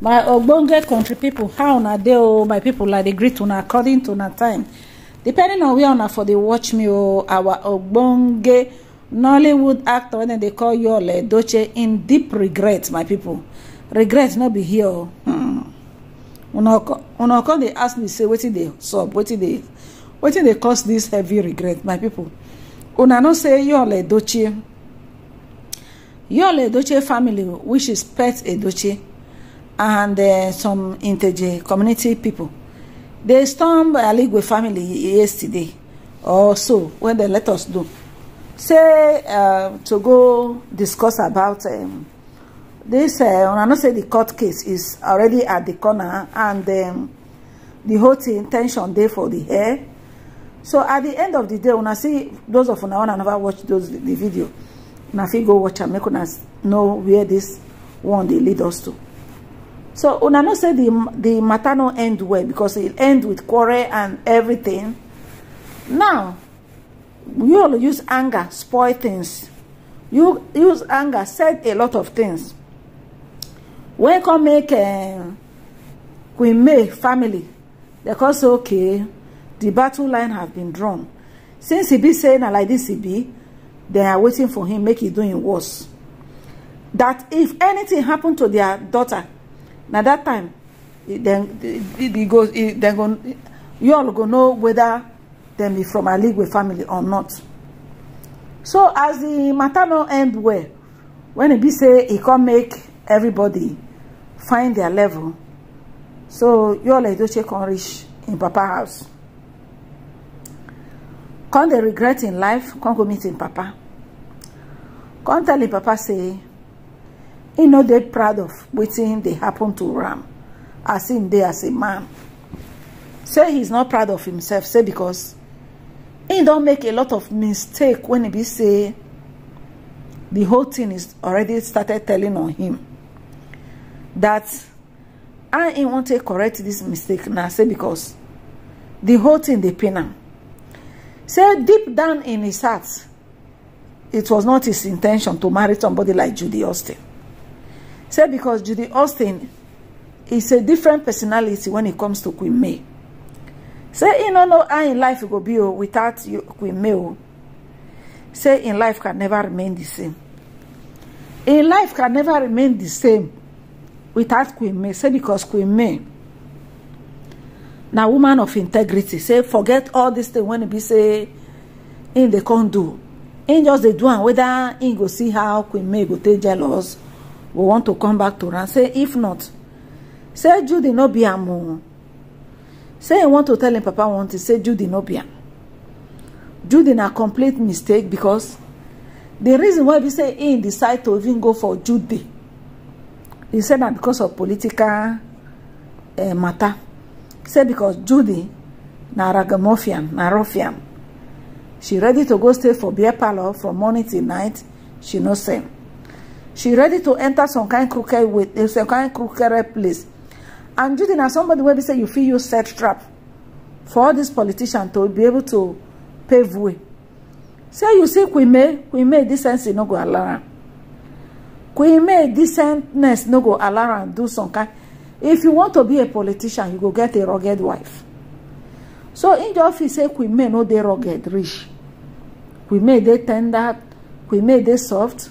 my ogbonge country pipo how una dey o oh, my pipo like dey greet una according to una time depending on where una for dey watch me o oh, our ogbonge nollywood actor wey dem dey call yul eh, doche in deep regret my pipo regret no be here o oh. hmm. una come dey ask me say wetin dey sup wetin dey cause dis heavy regret my pipo una know say yul eh, doche, yul eh, doche family which is pet edoche and uh, some Inteje community people. They stormed Aligwe family yesterday or so when they let us do. Say uh, to go discuss about um, this, uh, I know say the court case is already at the corner and um, the whole thing, tension there for the hair. So at the end of the day, when I see those of una one never watch those the, the video, na fit go watch am make us know where this one they lead us to so una know say the the matter no end well because it end with quarrel and everything now you all use anger spoil things you use anger said a lot of things When come make um, queen may family They come say okay the battle line have been drawn since he be saying like this he be they are waiting for him make e doing worse. that if anything happened to their daughter na that time then dem go go you all go know whether dem be from aligwe family or not so as the matter no end well when e be say e come make everybody find their level so you all edoche come reach im papa house come dey regret im life come go meet im papa come tell im papa say He no dey proud of wetin they happen to ram. as im dey as a man say he's not proud of himself say because he don't make a lot of mistake when he be say the whole thing is already started telling on him that I he wan take correct this mistake now. say because the whole thing dey pain am say deep down in his heart it was not his intention to marry somebody like Judy Austin say because Judy Austin is a different personality when it comes to Queen May. Say you no know how in life go be oh, without you, Queen May. Oh. Say in life can never remain the same. In life can never remain the same without Queen May. Say because Queen May Now woman of integrity. Say forget all this thing when it be say in the condo. In just the do am whether in go see how Queen May go take jealous. We want to come back to am say if not say judy no be a o say I want to tell him, papa want to say judy no be am judy na complete mistake because the reason why we say im decide to even go for judy he say that because of political eh, matter say because judy na ragamuffin na ruffian she ready to go stay for beer parlor from morning till night she no same she ready to enter some kind crooked with eh, some kind crooked place and judy now somebody wey be say you feel you set trap for all dis politicians to be able to pave way say you see queen may queen may decency no go allow am queen may decentness no go allow and do some kind if you want to be a politician you go get a rugged wife so in the office, say queen may no they rugged rich. queen may dey tender queen may dey soft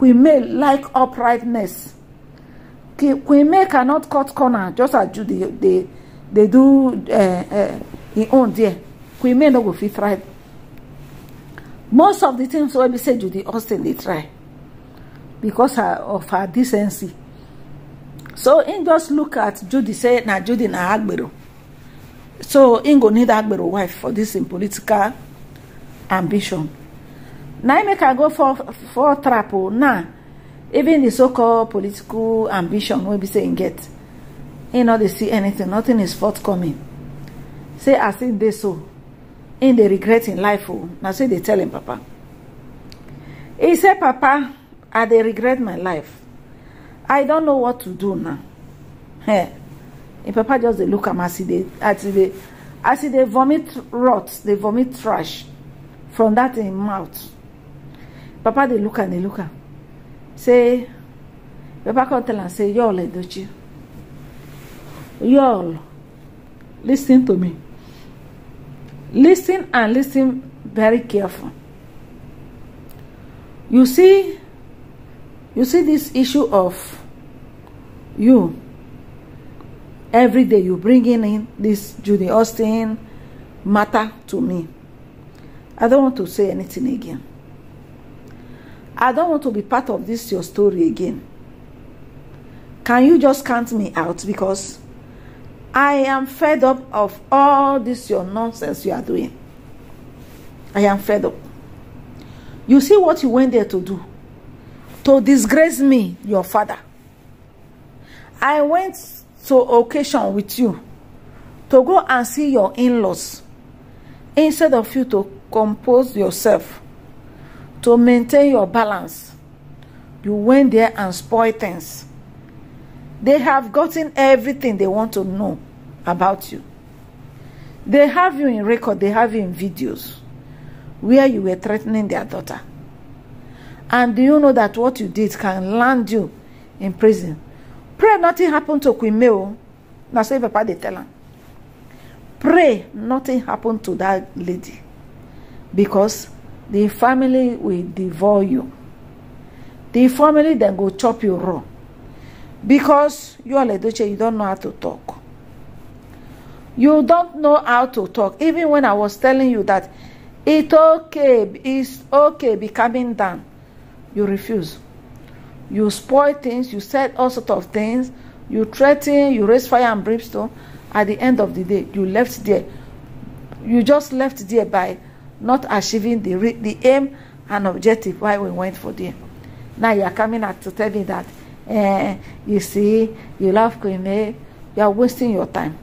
Queen May like uprightness. Queen May cannot cut corner just as Jude they they, they do uh, eh, uh, eh, im own there. Queen May no go fit thrive. Most of the things when we say Judy Austin they try because of her decency. So in just look at Judy say na Judy na agbero. So in go need agbero wife for this im political ambition na make i go for for trap o oh, now even the so called political ambition wey be say im get he no dey see anything nothing is forthcoming say as im dey so im dey regret im life o oh, na so e dey tell him papa He say papa i dey regret my life i don know what to do now hey, im papa just dey look am as e dey as e dey as e dey vomit rot dey vomit trash from that im mouth papa dey look am dey look am say papa come tell am say yall edochie yall lis ten to me lis ten and lis ten very careful you see you see this issue of you every day you bringing in this Judy Austin matter to me. I don't want to say anything again. I don't want to be part of this your story again. Can you just count me out? Because I am fed up of all this your nonsense you are doing. I am fed up. You see what you went there to do? To disgrace me, your father. I went to occasion with you to go and see your in-laws instead of you to compose yourself to maintain your balance. You went there and spoil things. They have gotten everything they want to know about you. They have you in record, they have you in videos where you were threatening their daughter. And do you know that what you did can land you in prison? Pray nothing happened to Quimeo. Now say Papa they tell her. Pray nothing happened to that lady. Because the family will devour you the family then go chop you raw because you ole edoche you don't know how to talk you don't know how to talk even when i was telling you that it's okay it's okay becoming done, you refuse you spoil things you said all sort of things you threaten you raise fire and brimstone at the end of the day you left there you just left there by not achieving the, re- the aim and objective why we went for them. Now you are coming out to tell me that, eh, you see, you love Queen you are wasting your time.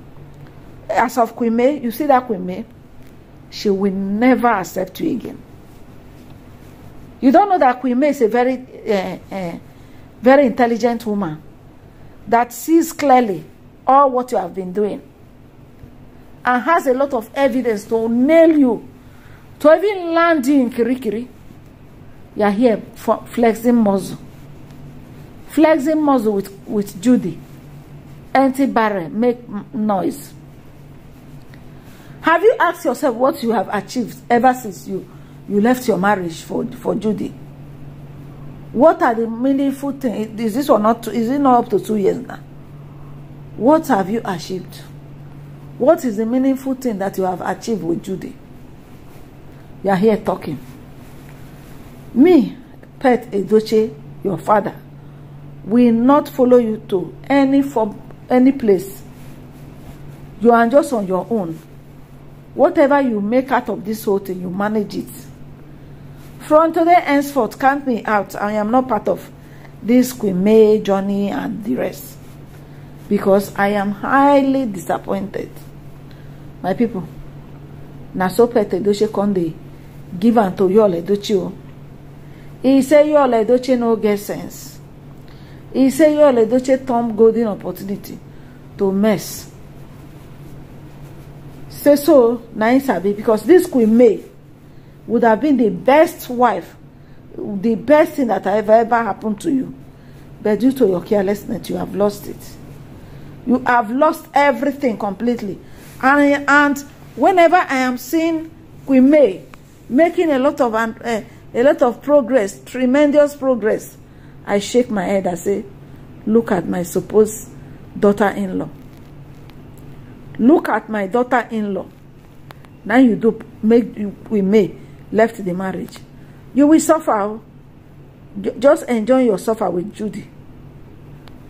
As of Queen you see that Queen she will never accept you again. You don't know that Queen is a very, eh, eh, very intelligent woman that sees clearly all what you have been doing and has a lot of evidence to nail you To even land in Kirikiri, you are here flexing muscle. Flexing muscle with, with Judy. anti barrel, make noise. Have you asked yourself what you have achieved ever since you, you left your marriage for, for Judy? What are the meaningful things? Is this or not? Is it not up to two years now? What have you achieved? What is the meaningful thing that you have achieved with Judy? you are here talking me pet edoche your father will not follow you to any form any place you are just on your own whatever you make out of this whole thing you manage it from today henceforth count me out i am not part of this Queen May journey and the rest because i am highly disappointed my people Naso Pet pete edoche come given ya ọla edochi o ise ya ọla edochi get sense ise ya ọla edochi tom golden opportunity to mess say so na him sabi because this queen may would have been the best wife the best thing that ever ever happened to you but due to your carelessness you have lost it you have lost everything completely and and whenever i am seeing queen may making a lot of uh, a lot of progress, tremendous progress. I shake my head. I say, look at my supposed daughter-in-law. Look at my daughter-in-law. Now you do make you, we may left the marriage. You will suffer. Oh. Just enjoy your suffer with Judy.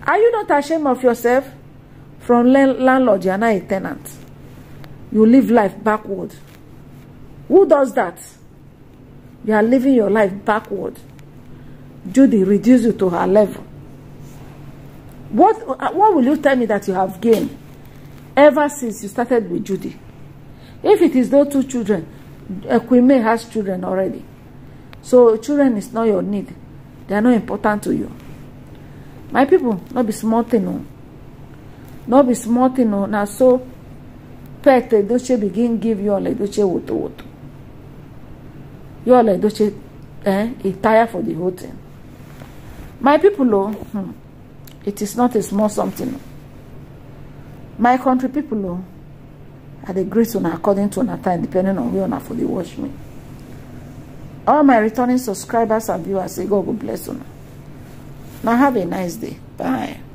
Are you not ashamed of yourself? From landlord, you are not a tenant. You live life backward. Who does that? You are living your life backward. Judy reduced you to her level. What, what will you tell me that you have gained ever since you started with Judy? If it is those two children, Equime has children already. So children is not your need. They are not important to you. My people, not be small thing no. Not be small thing no. Now so pet don't begin give you like don't what woto. you're like Doche, eh, tire for the whole thing. My people, oh, hmm, it is not a small something. My country people, oh, I dey greet una according to another time, depending on where una for the watch me. All my returning subscribers and viewers, say God go bless una. Now have a nice day. Bye.